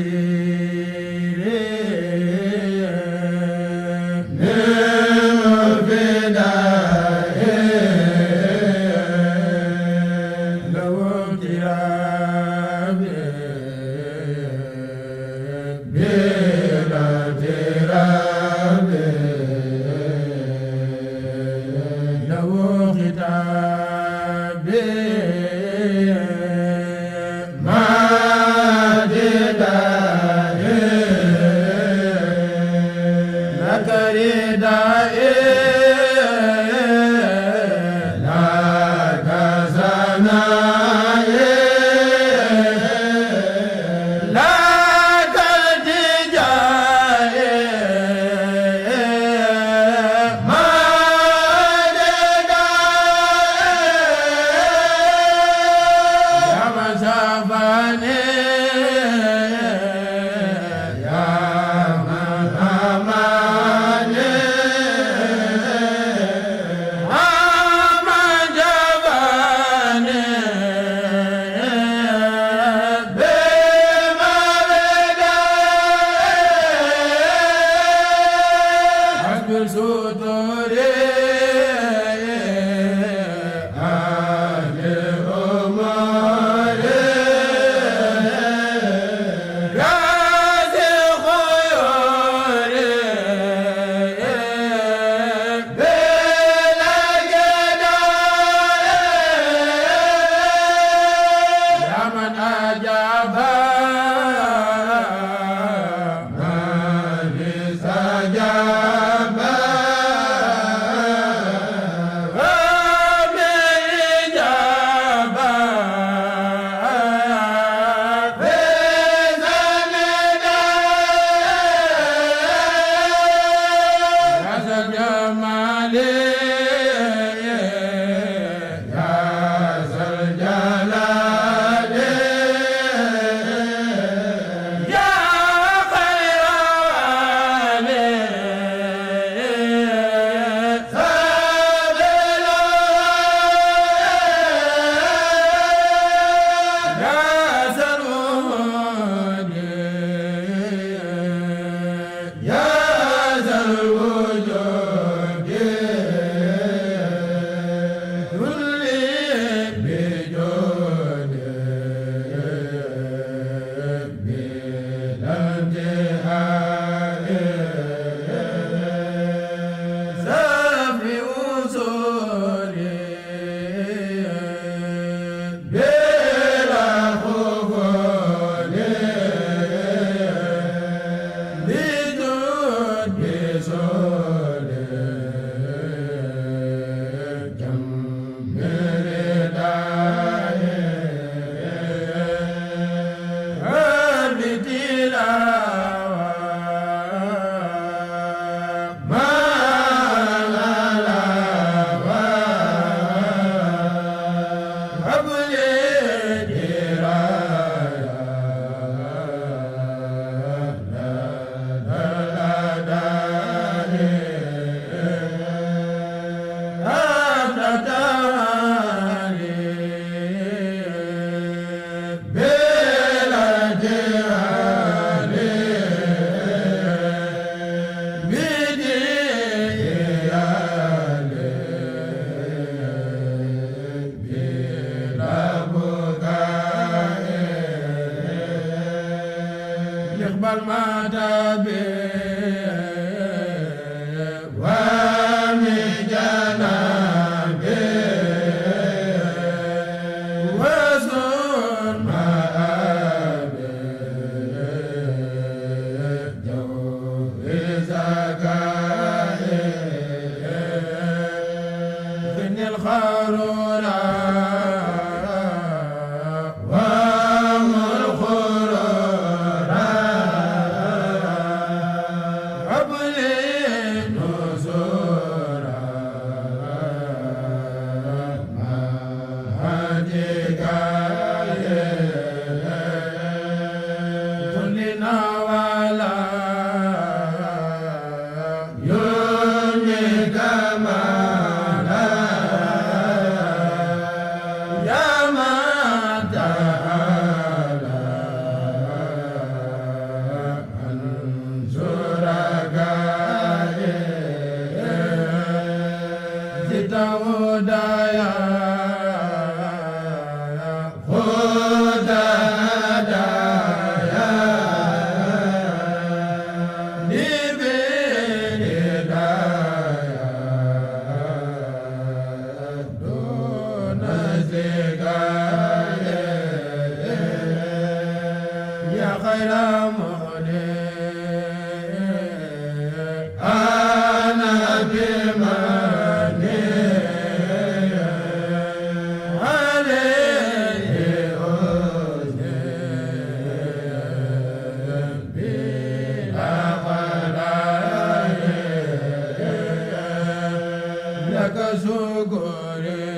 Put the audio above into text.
Amen. ba المدى there guru